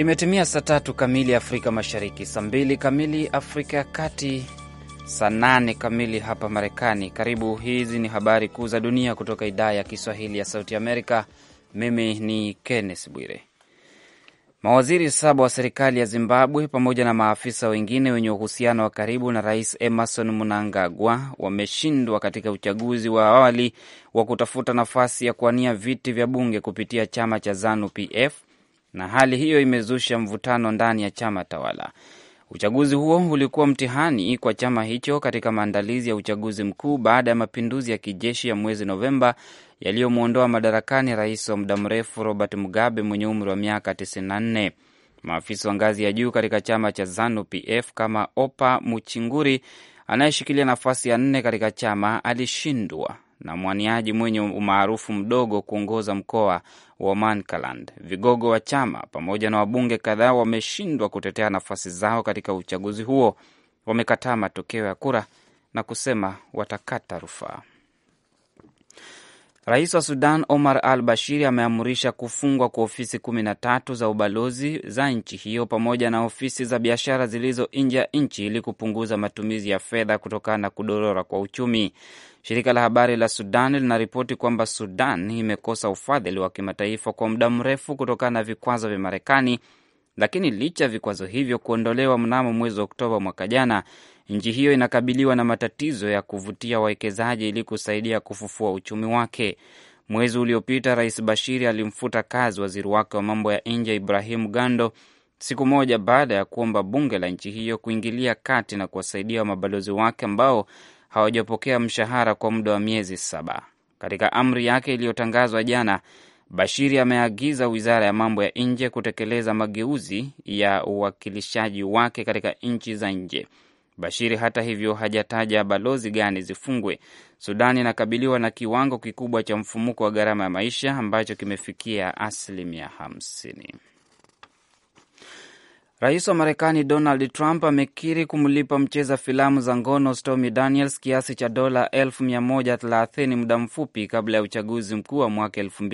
Imetimia saa tatu kamili Afrika Mashariki, saa mbili kamili Afrika ya Kati, saa nane kamili hapa Marekani. Karibu, hizi ni habari kuu za dunia kutoka idhaa ya Kiswahili ya Sauti Amerika. Mimi ni Kenneth Bwire. Mawaziri saba wa serikali ya Zimbabwe pamoja na maafisa wengine wenye uhusiano wa karibu na Rais Emerson Mnangagwa wameshindwa katika uchaguzi wa awali wa kutafuta nafasi ya kuwania viti vya bunge kupitia chama cha ZANU PF na hali hiyo imezusha mvutano ndani ya chama tawala. Uchaguzi huo ulikuwa mtihani kwa chama hicho katika maandalizi ya uchaguzi mkuu baada ya mapinduzi ya kijeshi ya mwezi Novemba yaliyomwondoa madarakani rais wa muda mrefu Robert Mugabe mwenye umri wa miaka 94. Maafisa wa ngazi ya juu katika chama cha ZANU PF kama Opa Muchinguri anayeshikilia nafasi ya nne katika chama alishindwa na mwaniaji mwenye umaarufu mdogo kuongoza mkoa wa Mankaland. Vigogo wa chama pamoja na wabunge kadhaa wameshindwa kutetea nafasi zao katika uchaguzi huo, wamekataa matokeo ya kura na kusema watakata rufaa. Rais wa Sudan Omar al Bashir ameamrisha kufungwa kwa ofisi kumi na tatu za ubalozi za nchi hiyo pamoja na ofisi za biashara zilizo nje ya nchi ili kupunguza matumizi ya fedha kutokana na kudorora kwa uchumi. Shirika la habari la Sudan linaripoti kwamba Sudan imekosa ufadhili wa kimataifa kwa muda mrefu kutokana na vikwazo vya Marekani, lakini licha ya vikwazo hivyo kuondolewa mnamo mwezi wa Oktoba mwaka jana, nchi hiyo inakabiliwa na matatizo ya kuvutia wawekezaji ili kusaidia kufufua uchumi wake. Mwezi uliopita Rais Bashiri alimfuta kazi waziri wake wa mambo ya nje Ibrahimu Gando siku moja baada ya kuomba bunge la nchi hiyo kuingilia kati na kuwasaidia mabalozi wake ambao hawajapokea mshahara kwa muda wa miezi saba. Katika amri yake iliyotangazwa jana, Bashiri ameagiza wizara ya mambo ya nje kutekeleza mageuzi ya uwakilishaji wake katika nchi za nje. Bashiri hata hivyo hajataja balozi gani zifungwe. sudani inakabiliwa na kiwango kikubwa cha mfumuko wa gharama ya maisha ambacho kimefikia asilimia hamsini. Rais wa Marekani Donald Trump amekiri kumlipa mcheza filamu za ngono Stormy Daniels kiasi cha dola 130 muda mfupi kabla ya uchaguzi mkuu wa mwaka elfu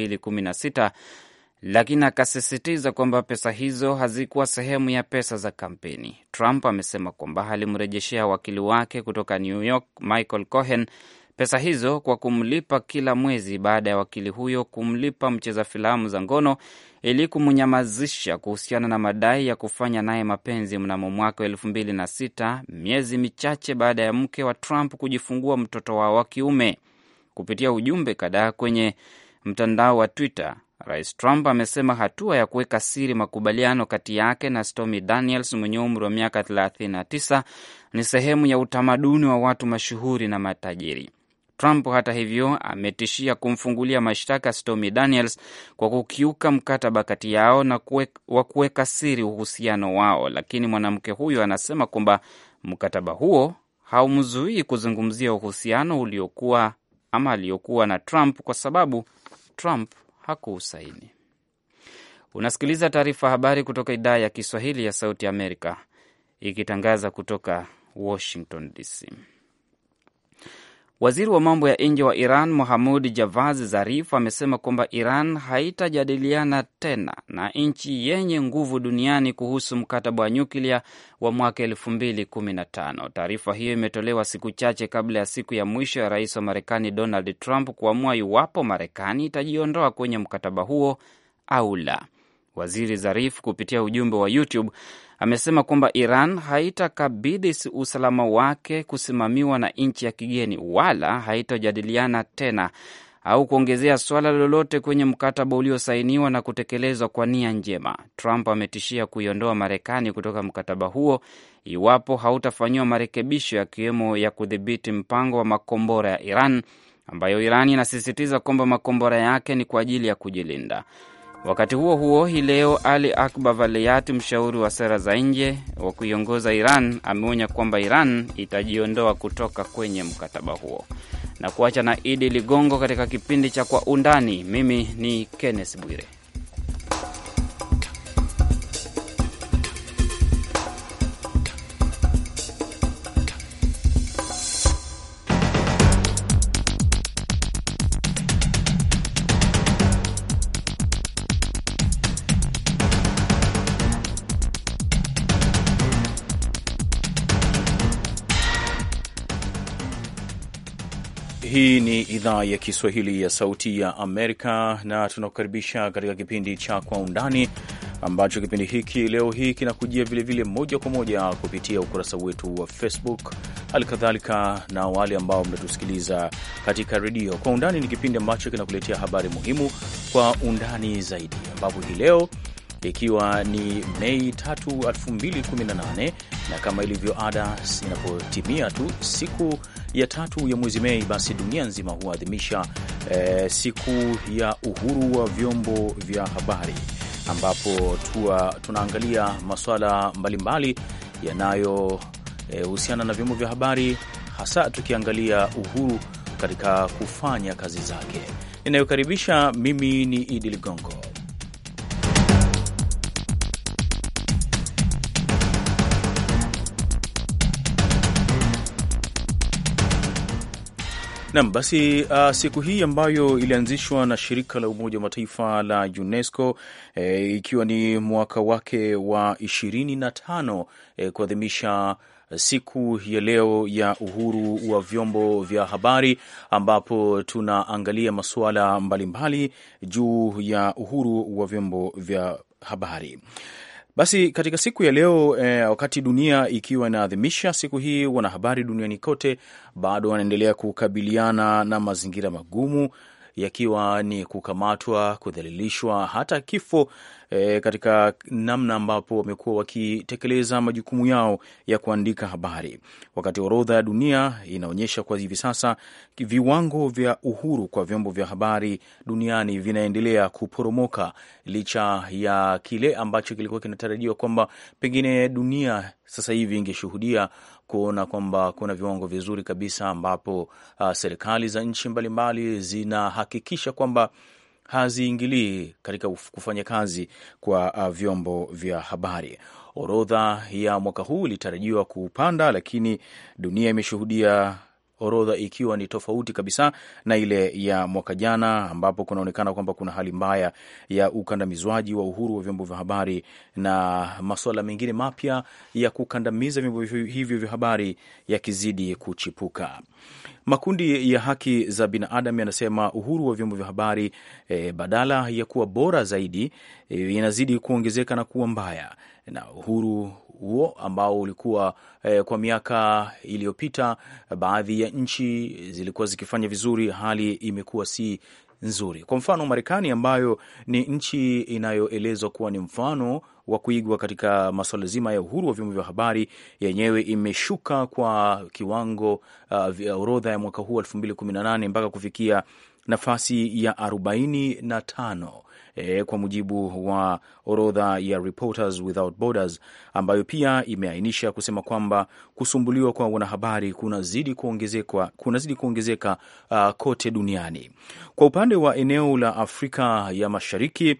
lakini akasisitiza kwamba pesa hizo hazikuwa sehemu ya pesa za kampeni. Trump amesema kwamba alimrejeshea wakili wake kutoka New York Michael Cohen pesa hizo kwa kumlipa kila mwezi baada ya wakili huyo kumlipa mcheza filamu za ngono ili kumnyamazisha kuhusiana na madai ya kufanya naye mapenzi mnamo mwaka wa elfu mbili na sita, miezi michache baada ya mke wa Trump kujifungua mtoto wao wa kiume. Kupitia ujumbe kadhaa kwenye mtandao wa Twitter, Rais Trump amesema hatua ya kuweka siri makubaliano kati yake na Stormy Daniels mwenye umri wa miaka 39 ni sehemu ya utamaduni wa watu mashuhuri na matajiri. Trump hata hivyo ametishia kumfungulia mashtaka Stormy Daniels kwa kukiuka mkataba kati yao na wa kuweka siri uhusiano wao, lakini mwanamke huyo anasema kwamba mkataba huo haumzuii kuzungumzia uhusiano uliokuwa ama aliyokuwa na Trump kwa sababu Trump hakuusaini. Unasikiliza taarifa habari kutoka idhaa ya Kiswahili ya Sauti Amerika ikitangaza kutoka Washington DC. Waziri wa mambo ya nje wa Iran Mohamud Javad Zarif amesema kwamba Iran haitajadiliana tena na nchi yenye nguvu duniani kuhusu mkataba wa nyuklia wa mwaka elfu mbili kumi na tano. Taarifa hiyo imetolewa siku chache kabla ya siku ya mwisho ya rais wa Marekani Donald Trump kuamua iwapo Marekani itajiondoa kwenye mkataba huo au la. Waziri Zarif kupitia ujumbe wa YouTube amesema kwamba Iran haitakabidhi usalama wake kusimamiwa na nchi ya kigeni wala haitajadiliana tena au kuongezea swala lolote kwenye mkataba uliosainiwa na kutekelezwa kwa nia njema. Trump ametishia kuiondoa Marekani kutoka mkataba huo iwapo hautafanyiwa marekebisho, yakiwemo ya kudhibiti mpango wa makombora ya Iran, ambayo Iran inasisitiza kwamba makombora yake ni kwa ajili ya kujilinda. Wakati huo huo, hii leo Ali Akbar valeyati mshauri wa sera za nje wa kuiongoza Iran, ameonya kwamba Iran itajiondoa kutoka kwenye mkataba huo na kuacha na Idi Ligongo katika kipindi cha Kwa Undani. Mimi ni Kenneth Bwire. idhaa ya Kiswahili ya Sauti ya Amerika na tunakukaribisha katika kipindi cha Kwa Undani, ambacho kipindi hiki leo hii kinakujia vilevile moja kwa moja kupitia ukurasa wetu wa Facebook, hali kadhalika na wale ambao mnatusikiliza katika redio. Kwa Undani ni kipindi ambacho kinakuletea habari muhimu kwa undani zaidi, ambapo hii leo ikiwa ni Mei 3, 2018 na kama ilivyo ada, inapotimia tu siku ya tatu ya mwezi Mei, basi dunia nzima huadhimisha eh, siku ya uhuru wa vyombo vya habari, ambapo tua, tunaangalia masuala mbalimbali yanayohusiana eh, na vyombo vya habari, hasa tukiangalia uhuru katika kufanya kazi zake. inayokaribisha mimi ni Idi Ligongo Nam basi, uh, siku hii ambayo ilianzishwa na shirika la Umoja wa Mataifa la UNESCO e, ikiwa ni mwaka wake wa ishirini na tano e, kuadhimisha siku ya leo ya uhuru wa vyombo vya habari ambapo tunaangalia masuala mbalimbali juu ya uhuru wa vyombo vya habari. Basi katika siku ya leo eh, wakati dunia ikiwa inaadhimisha siku hii, wanahabari duniani kote bado wanaendelea kukabiliana na mazingira magumu yakiwa ni kukamatwa, kudhalilishwa, hata kifo e, katika namna ambapo wamekuwa wakitekeleza majukumu yao ya kuandika habari, wakati orodha ya dunia inaonyesha kwa hivi sasa viwango vya uhuru kwa vyombo vya habari duniani vinaendelea kuporomoka licha ya kile ambacho kilikuwa kinatarajiwa kwamba pengine dunia sasa hivi ingeshuhudia kuona kwamba kuna viwango vizuri kabisa ambapo uh, serikali za nchi mbalimbali zinahakikisha kwamba haziingilii katika kufanya kazi kwa uh, vyombo vya habari. Orodha ya mwaka huu ilitarajiwa kupanda, lakini dunia imeshuhudia orodha ikiwa ni tofauti kabisa na ile ya mwaka jana, ambapo kunaonekana kwamba kuna hali mbaya ya ukandamizwaji wa uhuru wa vyombo vya habari na masuala mengine mapya ya kukandamiza vyombo hivyo vya habari yakizidi kuchipuka. Makundi ya haki za binadamu yanasema uhuru wa vyombo vya habari e, badala ya kuwa bora zaidi e, inazidi kuongezeka na kuwa mbaya na uhuru huo ambao ulikuwa eh, kwa miaka iliyopita baadhi ya nchi zilikuwa zikifanya vizuri, hali imekuwa si nzuri. Kwa mfano, Marekani ambayo ni nchi inayoelezwa kuwa ni mfano wa kuigwa katika masuala zima ya uhuru wa vyombo vya habari, yenyewe imeshuka kwa kiwango uh, vya orodha ya mwaka huu elfu mbili kumi na nane mpaka kufikia nafasi ya arobaini na tano e, kwa mujibu wa orodha ya Reporters Without Borders ambayo pia imeainisha kusema kwamba kusumbuliwa kwa wanahabari kunazidi kuongezeka, kunazidi kuongezeka uh, kote duniani. Kwa upande wa eneo la Afrika ya Mashariki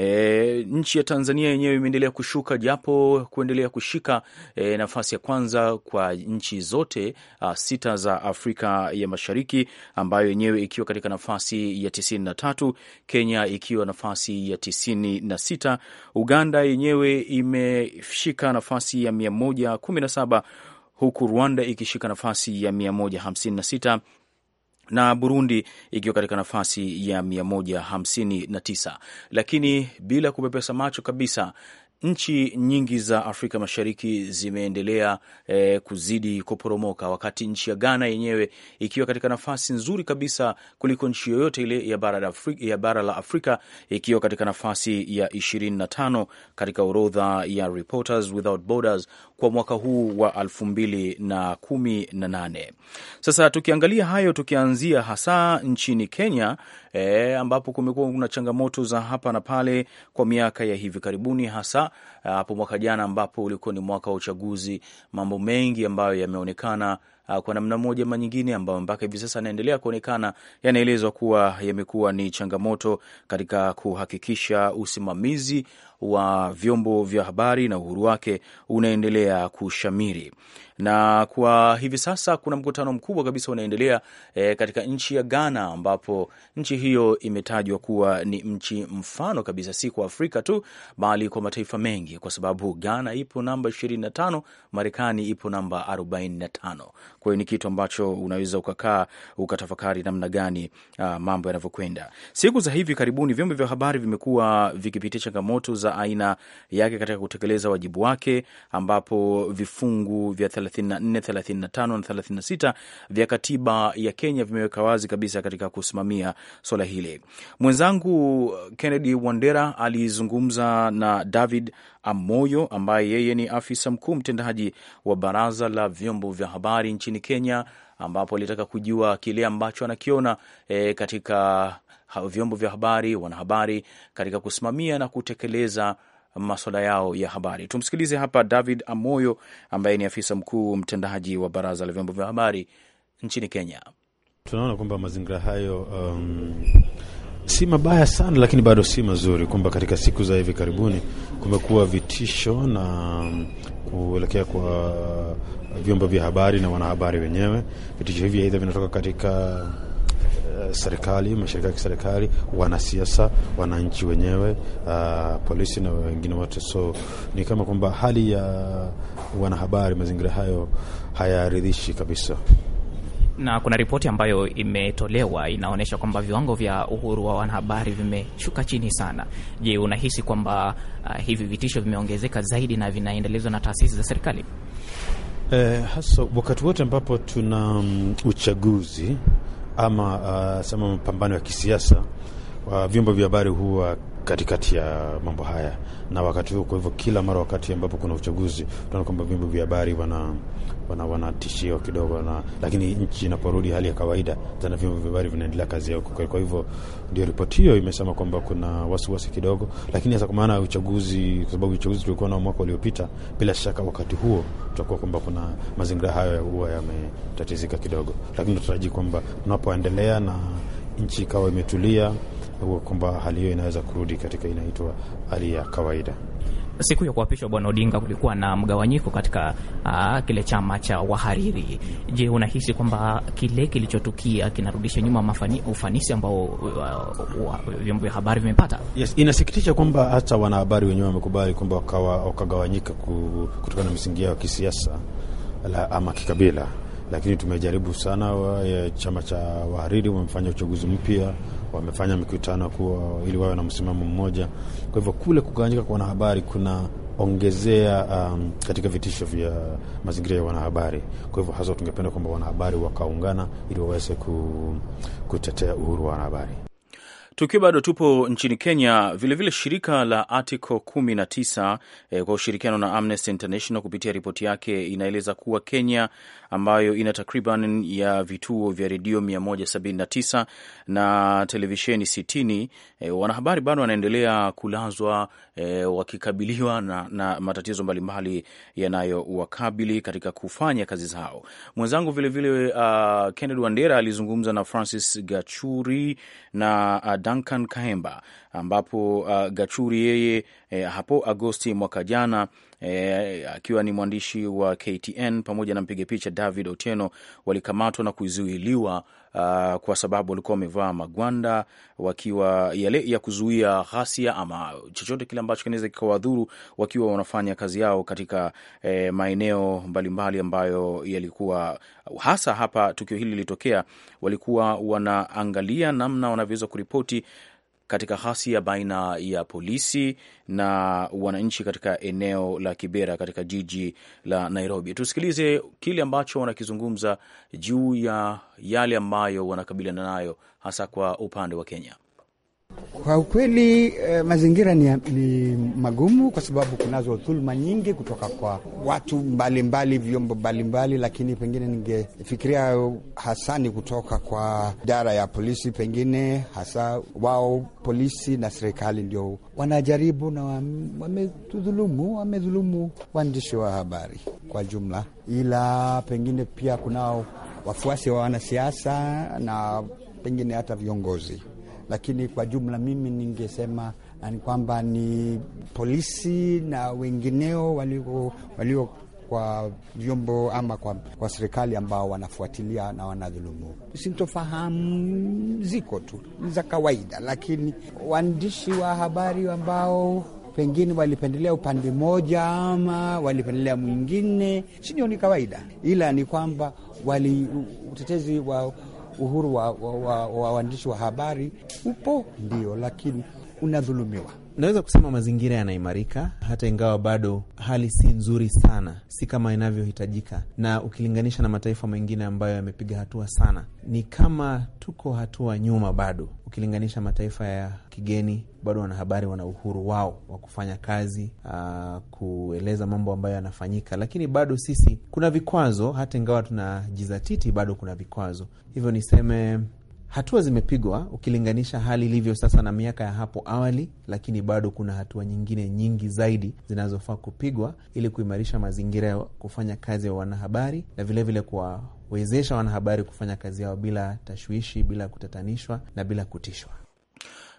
E, nchi ya Tanzania yenyewe imeendelea kushuka japo kuendelea kushika e, nafasi ya kwanza kwa nchi zote a, sita za Afrika ya Mashariki, ambayo yenyewe ikiwa katika nafasi ya tisini na tatu, Kenya ikiwa nafasi ya tisini na sita, Uganda yenyewe imeshika nafasi ya mia moja kumi na saba huku Rwanda ikishika nafasi ya mia moja hamsini na sita na Burundi ikiwa katika nafasi ya 159 lakini bila kupepesa macho kabisa Nchi nyingi za Afrika Mashariki zimeendelea eh, kuzidi kuporomoka, wakati nchi ya Ghana yenyewe ikiwa katika nafasi nzuri kabisa kuliko nchi yoyote ile ya bara la Afrika, ya bara la Afrika ikiwa katika nafasi ya 25 katika orodha ya Reporters Without Borders kwa mwaka huu wa 2018. Sasa tukiangalia hayo, tukianzia hasa nchini Kenya eh, ambapo kumekuwa kuna changamoto za hapa na pale kwa miaka ya hivi karibuni hasa Eh, hapo mwaka jana, ambapo ulikuwa ni mwaka wa uchaguzi, mambo mengi ambayo yameonekana eh, kwa namna moja ama nyingine ambayo mpaka hivi sasa yanaendelea kuonekana yanaelezwa kuwa yamekuwa ni changamoto katika kuhakikisha usimamizi wa vyombo vya habari na uhuru wake unaendelea kushamiri na kwa hivi sasa kuna mkutano mkubwa kabisa unaendelea e, katika nchi ya Ghana ambapo nchi hiyo imetajwa kuwa ni nchi mfano kabisa, si kwa Afrika tu bali kwa mataifa mengi, kwa sababu Ghana ipo namba 25, Marekani ipo namba 45. Kwa hiyo ni kitu ambacho unaweza ukakaa ukatafakari namna gani ah, mambo yanavyokwenda siku za hivi karibuni. Vyombo vya habari vimekuwa vikipitia changamoto za za aina yake katika kutekeleza wajibu wake, ambapo vifungu vya 34, 35 na 36 vya katiba ya Kenya vimeweka wazi kabisa katika kusimamia swala hili. Mwenzangu Kennedy Wandera alizungumza na David Amoyo ambaye yeye ni afisa mkuu mtendaji wa baraza la vyombo vya habari nchini Kenya, ambapo alitaka kujua kile ambacho anakiona e, katika vyombo vya habari, wanahabari katika kusimamia na kutekeleza maswala yao ya habari. Tumsikilize hapa David Amoyo ambaye ni afisa mkuu mtendaji wa Baraza la Vyombo vya Habari nchini Kenya. Tunaona kwamba mazingira hayo um, si mabaya sana, lakini bado si mazuri, kwamba katika siku za hivi karibuni kumekuwa vitisho na um, kuelekea kwa vyombo vya habari na wanahabari wenyewe. Vitisho hivi aidha vinatoka katika Eh, serikali, mashirika ya kiserikali, wanasiasa, wananchi wenyewe, uh, polisi na wengine wote. So ni kama kwamba hali ya wanahabari, mazingira hayo hayaridhishi kabisa na kuna ripoti ambayo imetolewa inaonyesha kwamba viwango vya uhuru wa wanahabari vimeshuka chini sana. Je, unahisi kwamba uh, hivi vitisho vimeongezeka zaidi na vinaendelezwa na taasisi za serikali? Eh, hasa wakati wote ambapo tuna um, uchaguzi ama uh, sema mapambano ya kisiasa uh, vyombo vya habari huwa katikati ya mambo haya na wakati huo. Kwa hivyo kila mara wakati ambapo kuna uchaguzi, tunaona kwamba vyombo vya habari wana wana, wana tishio kidogo na, lakini nchi inaporudi hali ya kawaida tena vyombo vya habari vinaendelea kazi yao Kwa hivyo ndio ripoti hiyo imesema kwamba kuna wasiwasi kidogo, lakini hasa kwa maana ya uchaguzi, kwa sababu uchaguzi tulikuwa nao mwaka uliopita, bila shaka wakati huo tutakuwa kwamba kuna mazingira hayo huwa yametatizika kidogo, lakini tunatarajia kwamba tunapoendelea na nchi ikawa imetulia, kwamba hali hiyo inaweza kurudi katika inaitwa hali ya kawaida. Siku ya kuapishwa bwana Odinga kulikuwa na mgawanyiko katika uh, kile chama cha wahariri. Je, unahisi kwamba kile kilichotukia kinarudisha nyuma mafani, ufanisi ambao uh, vyombo vya habari vimepata? Yes, inasikitisha kwamba hata wanahabari wenyewe wamekubali kwamba wakagawanyika kutokana na misingi yao ya kisiasa ama kikabila, lakini tumejaribu sana wa, chama cha wahariri wamefanya uchaguzi mpya wamefanya mikutano kuwa ili wawe na msimamo mmoja. Kwa hivyo kule kugawanyika kwa wanahabari kuna ongezea um, katika vitisho vya mazingira ya wanahabari. Kwa hivyo hasa tungependa kwamba wanahabari wakaungana ili waweze ku, kutetea uhuru wa wanahabari. Tukiwa bado tupo nchini Kenya, vilevile vile shirika la Article 19 eh, kwa ushirikiano na Amnesty International kupitia ripoti yake inaeleza kuwa Kenya ambayo ina takriban ya vituo vya redio 179 na televisheni 60, eh, wanahabari bado wanaendelea kulazwa eh, wakikabiliwa na, na matatizo mbalimbali yanayowakabili katika kufanya kazi zao. Mwenzangu vilevile uh, ah, Kennedy Wandera alizungumza na Francis Gachuri na uh, Duncan Kahemba, ambapo uh, Gachuri yeye eh, hapo Agosti mwaka jana e, akiwa ni mwandishi wa KTN pamoja na mpiga picha David Otieno walikamatwa na kuzuiliwa Uh, kwa sababu walikuwa wamevaa magwanda wakiwa yale ya kuzuia ghasia ama chochote kile ambacho kinaweza kikawadhuru wakiwa wanafanya kazi yao katika e, maeneo mbalimbali ambayo yalikuwa hasa hapa tukio hili lilitokea, walikuwa wanaangalia namna wanavyoweza kuripoti katika ghasia baina ya polisi na wananchi katika eneo la Kibera katika jiji la Nairobi. Tusikilize kile ambacho wanakizungumza juu ya yale ambayo wanakabiliana nayo hasa kwa upande wa Kenya. Kwa ukweli eh, mazingira ni, ni magumu kwa sababu kunazo dhuluma nyingi kutoka kwa watu mbalimbali, vyombo mbalimbali, lakini pengine ningefikiria hasa ni kutoka kwa idara ya polisi, pengine hasa wao polisi na serikali ndio wanajaribu na wametudhulumu, wamedhulumu waandishi wa habari kwa jumla, ila pengine pia kunao wafuasi wa wanasiasa na pengine hata viongozi lakini kwa jumla mimi ningesema ni kwamba ni polisi na wengineo walio, walio kwa vyombo ama kwa, kwa serikali ambao wanafuatilia na wanadhulumu. Sintofahamu ziko tu za kawaida, lakini waandishi wa habari ambao pengine walipendelea upande mmoja ama walipendelea mwingine, sio ni kawaida, ila ni kwamba wali utetezi wa uhuru wa waandishi wa, wa, wa, wa habari upo ndio, lakini unadhulumiwa naweza kusema mazingira yanaimarika, hata ingawa bado hali si nzuri sana, si kama inavyohitajika, na ukilinganisha na mataifa mengine ambayo yamepiga hatua sana, ni kama tuko hatua nyuma bado, ukilinganisha mataifa ya kigeni. Bado wanahabari wana uhuru wao wa kufanya kazi, aa, ah, kueleza mambo ambayo yanafanyika, lakini bado sisi kuna vikwazo, hata ingawa tunajizatiti, bado kuna vikwazo. Hivyo niseme Hatua zimepigwa ukilinganisha hali ilivyo sasa na miaka ya hapo awali, lakini bado kuna hatua nyingine nyingi zaidi zinazofaa kupigwa ili kuimarisha mazingira ya kufanya kazi ya wanahabari na vilevile kuwawezesha wanahabari kufanya kazi yao bila tashwishi, bila kutatanishwa na bila kutishwa.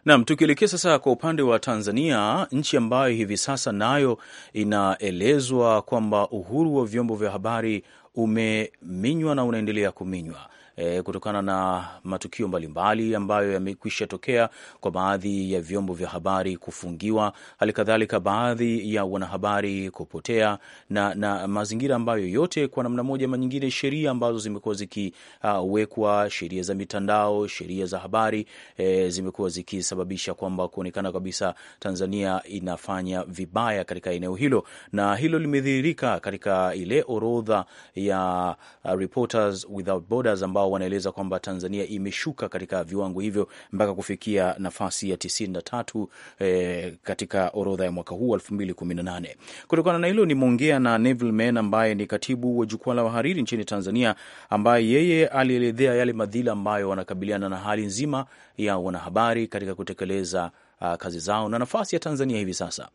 Nam, tukielekea sasa kwa upande wa Tanzania, nchi ambayo hivi sasa nayo inaelezwa kwamba uhuru wa vyombo vya habari umeminywa na unaendelea kuminywa e, kutokana na matukio mbalimbali mbali ambayo yamekwisha tokea kwa baadhi ya vyombo vya habari kufungiwa, hali kadhalika baadhi ya wanahabari kupotea na, na mazingira ambayo yote kwa namna moja ama nyingine, sheria ambazo zimekuwa zikiwekwa uh, sheria za mitandao, sheria za habari e, zimekuwa zikisababisha kwamba kuonekana kabisa Tanzania inafanya vibaya katika eneo hilo, na hilo limedhihirika katika ile orodha ya uh, Reporters Without Borders ambao ambao wanaeleza kwamba Tanzania imeshuka katika viwango hivyo mpaka kufikia nafasi ya tisini na tatu eh, katika orodha ya mwaka huu elfu mbili kumi na nane. Kutokana na hilo nimeongea na Neville Men ambaye ni katibu wa jukwaa la wahariri nchini Tanzania, ambaye yeye alielezea yale madhila ambayo wanakabiliana na hali nzima ya wanahabari katika kutekeleza uh, kazi zao na nafasi ya Tanzania hivi sasa.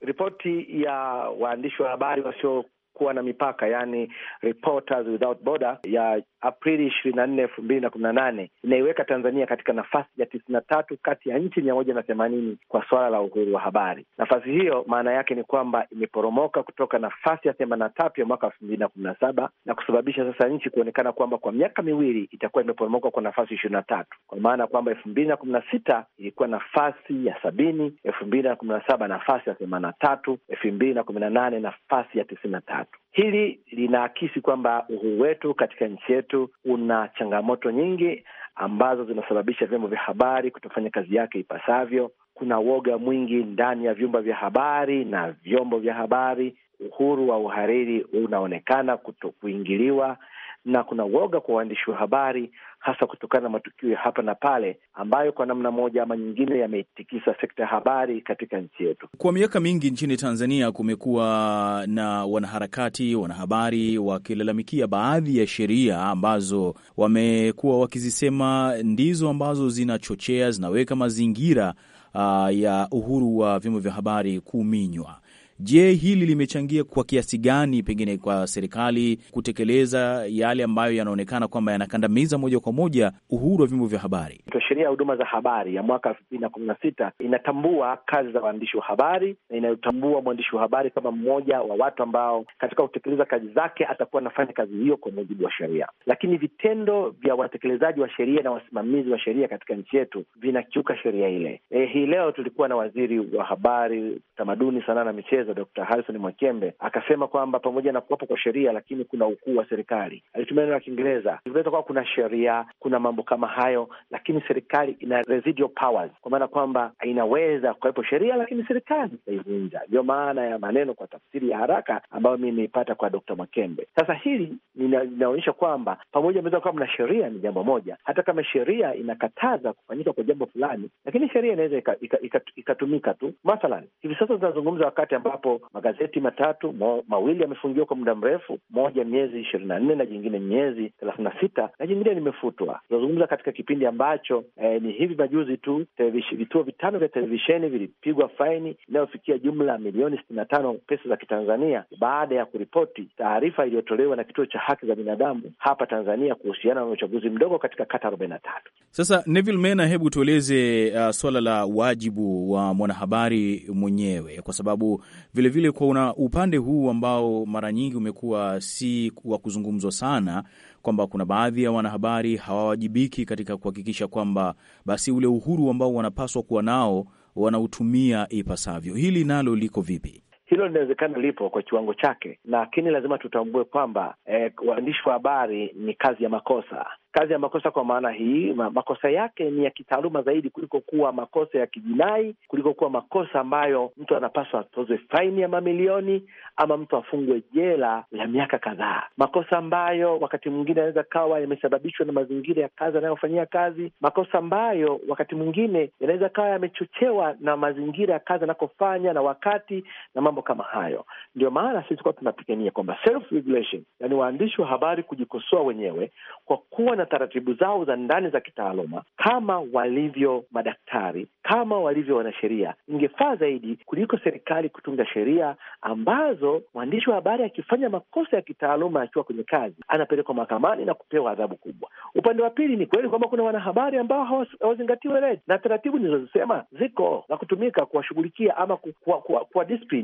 Ripoti ya waandishi wa habari wasiokuwa na mipaka, yani Reporters Without Border ya Aprili ishirini na nne elfu mbili na kumi na nane inaiweka Tanzania katika nafasi ya tisini na tatu kati ya nchi mia moja na themanini kwa suala la uhuru wa habari. Nafasi hiyo maana yake ni kwamba imeporomoka kutoka nafasi ya themanini na tatu ya mwaka elfu mbili na kumi na saba na kusababisha sasa nchi kuonekana kwamba kwa miaka miwili itakuwa imeporomoka kwa nafasi ishirini na tatu kwa maana kwamba elfu mbili na kumi na sita ilikuwa nafasi ya sabini elfu mbili na kumi na saba nafasi ya themanini na tatu elfu mbili na kumi na nane nafasi ya tisini na tatu Hili linaakisi kwamba uhuru wetu katika nchi yetu una changamoto nyingi ambazo zinasababisha vyombo vya habari kutofanya kazi yake ipasavyo. Kuna uoga mwingi ndani ya vyumba vya habari na vyombo vya habari. Uhuru wa uhariri unaonekana kuto kuingiliwa na kuna woga kwa waandishi wa habari, hasa kutokana na matukio ya hapa na pale ambayo kwa namna moja ama nyingine yametikisa sekta ya habari katika nchi yetu. Kwa miaka mingi nchini Tanzania kumekuwa na wanaharakati, wanahabari wakilalamikia baadhi ya sheria ambazo wamekuwa wakizisema ndizo ambazo zinachochea, zinaweka mazingira uh, ya uhuru wa vyombo vya habari kuminywa. Je, hili limechangia kwa kiasi gani pengine kwa serikali kutekeleza yale ambayo yanaonekana kwamba yanakandamiza moja kwa moja uhuru wa vyombo vya habari? Sheria ya huduma za habari ya mwaka elfu mbili na kumi na sita inatambua kazi za waandishi wa habari na inayotambua mwandishi wa habari kama mmoja wa watu ambao katika kutekeleza kazi zake atakuwa anafanya kazi hiyo kwa mujibu wa sheria, lakini vitendo vya watekelezaji wa sheria na wasimamizi wa sheria katika nchi yetu vinakiuka sheria ile. E, hii leo tulikuwa na waziri wa habari, tamaduni, sanaa na michezo kwanza Dr. Harrison mwakembe akasema kwamba pamoja na kuwapo kwa sheria, lakini kuna ukuu wa serikali. Alitumia neno la Kiingereza, ilivyoeleza kwamba kuna sheria, kuna mambo kama hayo, lakini serikali ina residual powers, kwa maana kwamba inaweza kuwepo sheria, lakini serikali itaivunja. Ndio maana ya maneno kwa tafsiri ya haraka ambayo mi imeipata kwa Dr. mwakembe Sasa hili linaonyesha kwamba pamoja ameweza kuwa mna sheria ni jambo moja, hata kama sheria inakataza kufanyika kwa jambo fulani, lakini sheria inaweza ikatumika tu. Mathalan, hivi sasa tunazungumza wakati ambapo ambapo magazeti matatu mo, mawili yamefungiwa kwa muda mrefu, moja miezi ishirini na nne na jingine miezi thelathini na sita na jingine limefutwa. Tunazungumza katika kipindi ambacho eh, ni hivi majuzi tu vituo vitano vya televisheni vilipigwa faini inayofikia jumla ya milioni sitini na tano pesa za Kitanzania baada ya kuripoti taarifa iliyotolewa na kituo cha haki za binadamu hapa Tanzania kuhusiana na uchaguzi mdogo katika kata arobaini na tatu. Sasa Neville Mena, hebu tueleze uh, swala la wajibu wa mwanahabari mwenyewe, kwa sababu Vilevile vile kuna upande huu ambao mara nyingi umekuwa si wa kuzungumzwa sana, kwamba kuna baadhi ya wanahabari hawawajibiki katika kuhakikisha kwamba basi ule uhuru ambao wanapaswa kuwa nao wanautumia ipasavyo. Hili nalo liko vipi? Hilo linawezekana lipo kwa kiwango chake, lakini lazima tutambue kwamba eh, waandishi wa habari ni kazi ya makosa kazi ya makosa kwa maana hii, makosa yake ni ya kitaaluma zaidi kuliko kuwa makosa ya kijinai, kuliko kuwa makosa ambayo mtu anapaswa atozwe faini ya mamilioni ama mtu afungwe jela la miaka kadhaa, makosa ambayo wakati mwingine anaweza kawa yamesababishwa na mazingira ya kazi anayofanyia kazi, makosa ambayo wakati mwingine yanaweza kawa yamechochewa na mazingira ya kazi anakofanya na wakati na mambo kama hayo. Ndio maana sisi tunapigania kwamba self regulation, yani waandishi wa habari kujikosoa wenyewe kwa kuwa na taratibu zao za ndani za kitaaluma kama walivyo madaktari, kama walivyo wanasheria. Ingefaa zaidi kuliko serikali kutunga sheria ambazo mwandishi wa habari akifanya makosa ya kitaaluma akiwa kwenye kazi anapelekwa mahakamani na kupewa adhabu kubwa. Upande wa pili, ni kweli kwamba kuna wanahabari ambao hawazingatii weledi na taratibu nilizozisema ziko za kutumika kuwashughulikia ama kuwa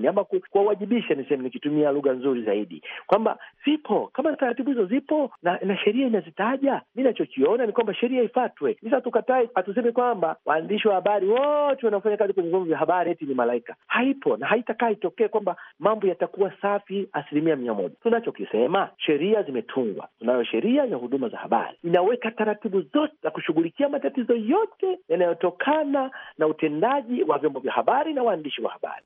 ama kuwawajibisha, niseme nikitumia lugha nzuri zaidi, kwamba zipo kama taratibu hizo zipo na, na sheria inazitaja mi nachokiona ni kwamba sheria ifatwe. Sasa tukatae, hatuseme kwamba waandishi wa habari wote wanaofanya kazi kwenye vyombo vya habari eti ni malaika. Haipo na haitakaa itokee kwamba mambo yatakuwa safi asilimia mia moja. Tunachokisema, sheria zimetungwa, tunayo sheria ya huduma za habari inaweka taratibu zote za kushughulikia matatizo yote yanayotokana na utendaji wa vyombo vya habari na waandishi wa habari.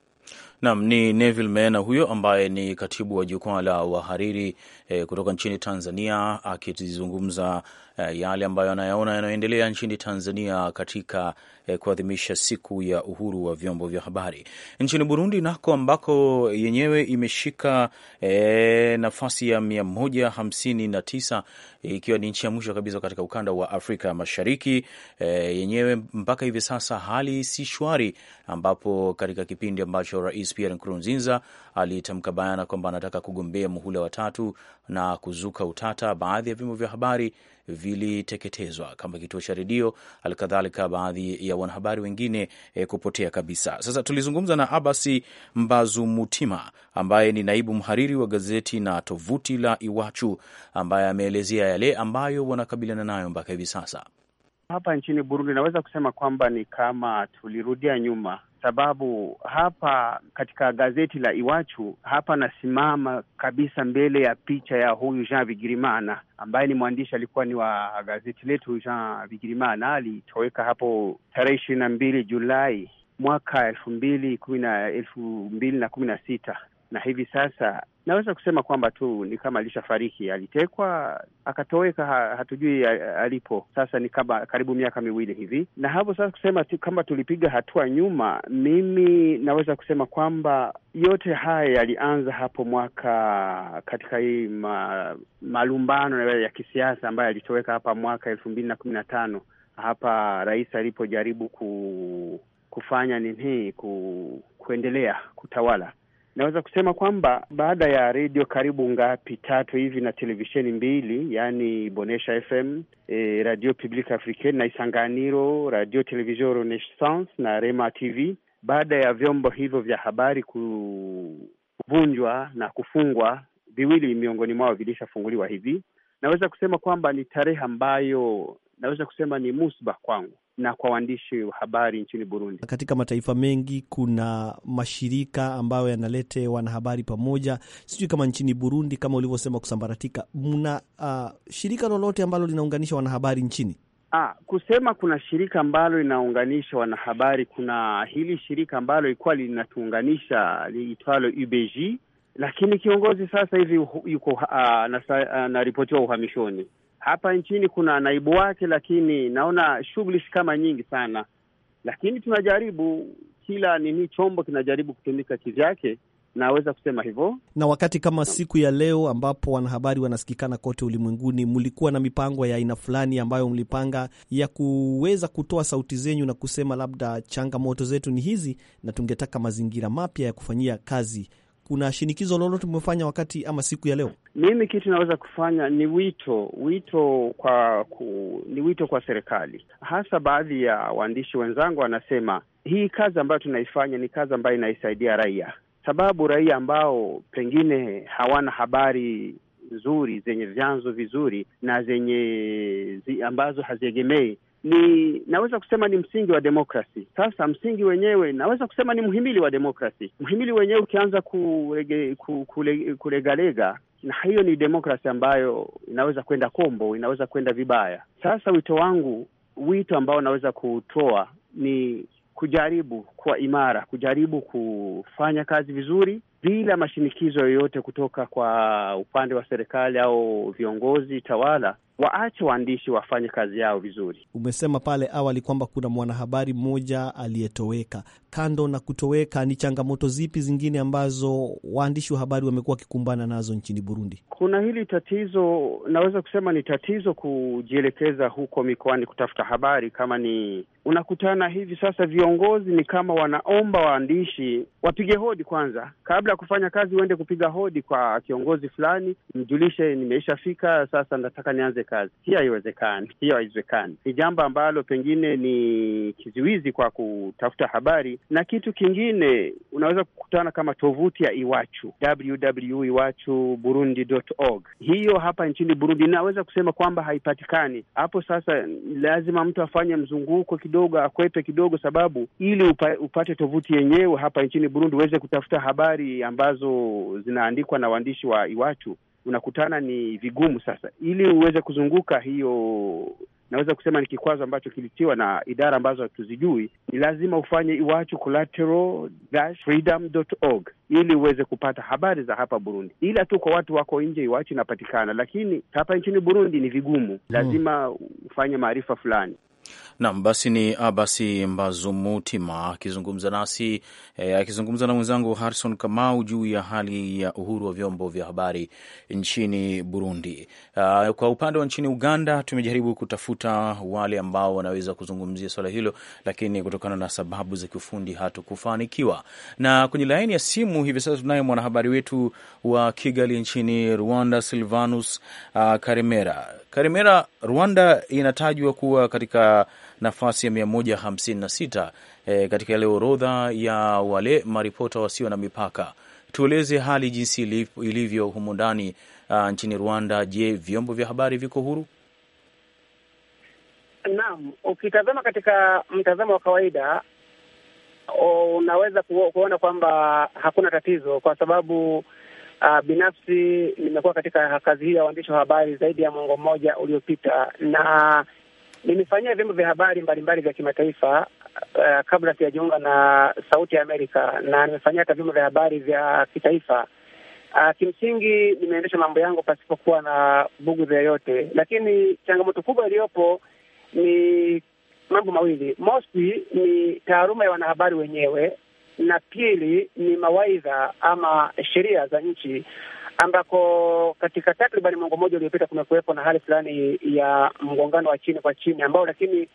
Nam ni Neville mena huyo ambaye ni katibu wa jukwaa la wahariri eh, kutoka nchini Tanzania akizungumza Eh, yale ambayo anayaona yanayoendelea nchini Tanzania katika eh, kuadhimisha siku ya uhuru wa vyombo vya habari. Nchini Burundi nako ambako yenyewe imeshika eh, nafasi ya mia moja hamsini na tisa ikiwa ni nchi ya mwisho kabisa katika ukanda wa Afrika Mashariki. E, yenyewe mpaka hivi sasa hali si shwari, ambapo katika kipindi ambacho Rais Pierre Nkurunziza alitamka bayana kwamba anataka kugombea muhula watatu na kuzuka utata, baadhi ya vyombo vya habari viliteketezwa kama kituo cha redio, halikadhalika baadhi ya wanahabari wengine e, kupotea kabisa. Sasa tulizungumza na Abasi Mbazumutima ambaye ni naibu mhariri wa gazeti na tovuti la Iwachu ambaye ameelezea yale ambayo wanakabiliana nayo mpaka hivi sasa hapa nchini Burundi. Naweza kusema kwamba ni kama tulirudia nyuma sababu hapa katika gazeti la Iwachu hapa nasimama kabisa mbele ya picha ya huyu Jean Vigirimana ambaye ni mwandishi alikuwa ni wa gazeti letu. Jean Vigirimana alitoweka hapo tarehe ishirini na mbili Julai mwaka elfu mbili kumi na elfu mbili na kumi na sita na hivi sasa naweza kusema kwamba tu ni kama alishafariki. Alitekwa akatoweka, hatujui alipo sasa. Ni kama karibu miaka miwili hivi, na hapo sasa kusema tu, kama tulipiga hatua nyuma, mimi naweza kusema kwamba yote haya yalianza hapo mwaka katika hii ma, malumbano ya kisiasa ambayo yalitoweka hapa mwaka elfu mbili na kumi na tano hapa rais alipojaribu ku, kufanya nini ku, kuendelea kutawala Naweza kusema kwamba baada ya redio karibu ngapi tatu hivi na televisheni mbili, yaani Bonesha FM, e, Radio Publique Africaine na Isanganiro, Radio Television Renaissance na Rema TV, baada ya vyombo hivyo vya habari kuvunjwa na kufungwa, viwili miongoni mwao vilishafunguliwa hivi, naweza kusema kwamba ni tarehe ambayo naweza kusema ni musba kwangu na kwa waandishi wa habari nchini Burundi. Katika mataifa mengi kuna mashirika ambayo yanalete wanahabari pamoja, sijui kama nchini Burundi kama ulivyosema kusambaratika, mna uh, ah, shirika lolote ambalo linaunganisha wanahabari nchini? Ah, kusema kuna shirika ambalo linaunganisha wanahabari, kuna hili shirika ambalo ilikuwa linatuunganisha liitwalo UBG, lakini kiongozi sasa hivi yuko uh, ah, ah, naripotiwa uhamishoni hapa nchini kuna naibu wake, lakini naona shughuli si kama nyingi sana, lakini tunajaribu, kila nini chombo kinajaribu kutumika kivyake, naweza kusema hivyo. Na wakati kama siku ya leo ambapo wanahabari wanasikikana kote ulimwenguni, mlikuwa na mipango ya aina fulani ambayo mlipanga ya kuweza kutoa sauti zenyu na kusema labda changamoto zetu ni hizi na tungetaka mazingira mapya ya kufanyia kazi kuna shinikizo lolote umefanya wakati ama siku ya leo? Mimi kitu inaweza kufanya ni wito wito kwa ku, ni wito kwa serikali, hasa baadhi ya waandishi wenzangu wanasema hii kazi ambayo tunaifanya ni kazi ambayo inaisaidia raia, sababu raia ambao pengine hawana habari nzuri zenye vyanzo vizuri na zenye zi, ambazo haziegemei ni naweza kusema ni msingi wa demokrasi. Sasa msingi wenyewe naweza kusema ni mhimili wa demokrasi. Mhimili wenyewe ukianza kurege, kule, kulegalega na hiyo ni demokrasi ambayo inaweza kwenda kombo, inaweza kwenda vibaya. Sasa wito wangu, wito ambao naweza kutoa ni kujaribu kuwa imara, kujaribu kufanya kazi vizuri bila mashinikizo yoyote kutoka kwa upande wa serikali au viongozi tawala. Waache waandishi wafanye kazi yao vizuri. Umesema pale awali kwamba kuna mwanahabari mmoja aliyetoweka. Kando na kutoweka, ni changamoto zipi zingine ambazo waandishi wa habari wamekuwa wakikumbana nazo nchini Burundi? Kuna hili tatizo, naweza kusema ni tatizo kujielekeza huko mikoani kutafuta habari. Kama ni unakutana hivi sasa, viongozi ni kama kama wanaomba waandishi wapige hodi kwanza, kabla ya kufanya kazi, uende kupiga hodi kwa kiongozi fulani, mjulishe nimeishafika, sasa nataka nianze kazi. Hiyo haiwezekani, hiyo haiwezekani. Ni jambo ambalo pengine ni kizuizi kwa kutafuta habari. Na kitu kingine unaweza kukutana kama tovuti ya Iwachu, www iwachu burundi.org. Hiyo hapa nchini Burundi inaweza kusema kwamba haipatikani. Hapo sasa lazima mtu afanye mzunguko kidogo, akwepe kidogo, sababu ili upate tovuti yenyewe hapa nchini Burundi uweze kutafuta habari ambazo zinaandikwa na waandishi wa Iwachu, unakutana ni vigumu sasa, ili uweze kuzunguka hiyo naweza kusema ni kikwazo ambacho kilitiwa na idara ambazo hatuzijui. Ni lazima ufanye Iwachu collateral-freedom.org ili uweze kupata habari za hapa Burundi, ila tu kwa watu wako nje Iwachu inapatikana, lakini hapa nchini Burundi ni vigumu, hmm. lazima ufanye maarifa fulani. Nam basi ni Abasi Mbazumutima akizungumza nasi e, akizungumza na mwenzangu Harrison Kamau juu ya hali ya uhuru wa vyombo vya habari nchini Burundi. A, ah, kwa upande wa nchini Uganda tumejaribu kutafuta wale ambao wanaweza kuzungumzia swala hilo, lakini kutokana na sababu za kiufundi hatukufanikiwa. Na kwenye laini ya simu hivi sasa tunaye mwanahabari wetu wa Kigali nchini Rwanda, Silvanus a, ah, Karimera. Karimera, Rwanda inatajwa kuwa katika nafasi ya 156 e, eh, katika ile orodha ya wale maripota wasio na mipaka. Tueleze hali jinsi ilivyo humo ndani ah, nchini Rwanda. Je, vyombo vya habari viko huru? Naam, ukitazama katika mtazamo wa kawaida unaweza kuona kwamba hakuna tatizo kwa sababu Uh, binafsi nimekuwa katika kazi hii ya uandishi wa habari zaidi ya mwongo mmoja uliopita na nimefanyia vyombo vya habari mbalimbali vya kimataifa uh, kabla sijajiunga na Sauti ya Amerika, na nimefanyia hata vyombo vya habari vya kitaifa. Uh, kimsingi nimeendesha mambo yangu pasipokuwa na bugu yoyote, lakini changamoto kubwa iliyopo ni mambo mawili. Mostly ni taaluma ya wanahabari wenyewe na pili ni mawaidha ama sheria za nchi ambako katika takriban mwongo mmoja uliopita kumekuwepo na hali fulani ya mgongano wa chini kwa chini ambao lakini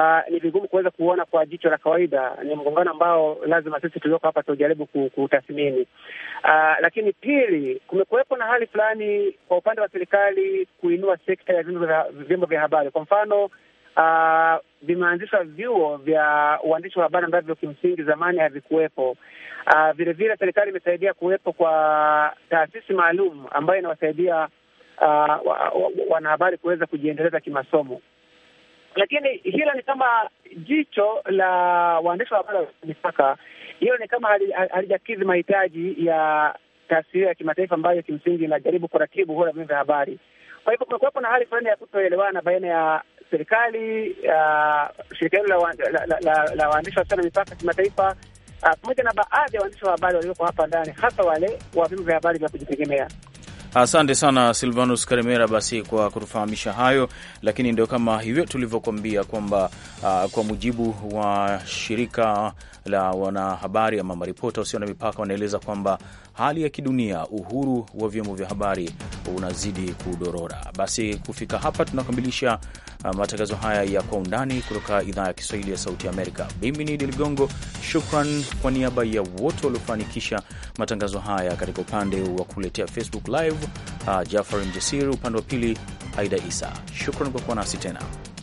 uh, ni vigumu kuweza kuona kwa jicho la kawaida. Ni mgongano ambao lazima sisi tulioko hapa tujaribu kutathmini. Uh, lakini pili, kumekuwepo na hali fulani kwa upande wa serikali kuinua sekta ya vyombo vya habari. Kwa mfano uh, vimeanzishwa vyuo vya uandishi wa habari ambavyo kimsingi zamani havikuwepo. Uh, ah, vilevile serikali imesaidia kuwepo kwa taasisi maalum ambayo inawasaidia uh, wa, wa, wa, wanahabari kuweza kujiendeleza kimasomo, lakini hilo ni kama jicho la waandishi wa habari mipaka, hilo ni kama halijakidhi mahitaji ya taswira ya kimataifa ambayo kimsingi inajaribu kuratibu hura vyombo vya habari. Kwa hivyo kumekuwepo na hali fulani ya kutoelewana baina ya serikali uh, shirikiano la, la, la, la, la, la waandishi mipaka kimataifa ah, pamoja uh, na baadhi ya waandishi wa habari walioko hapa ndani hasa wale wa vyombo vya habari vya kujitegemea. Asante sana Silvanus Karimera basi kwa kutufahamisha hayo, lakini ndio kama hivyo tulivyokuambia kwamba uh, kwa mujibu wa shirika la wanahabari ama maripota usio na mipaka wanaeleza kwamba hali ya kidunia, uhuru wa vyombo vya habari unazidi kudorora. Basi kufika hapa tunakamilisha uh, matangazo haya ya kwa undani kutoka idhaa ya Kiswahili ya Sauti Amerika. Mimi ni Idi Ligongo, shukran kwa niaba ya wote waliofanikisha matangazo haya katika upande wa kuletea Facebook Live, uh, Jafar Mjasiri upande wa pili, Aida Isa. Shukran kwa kuwa nasi tena.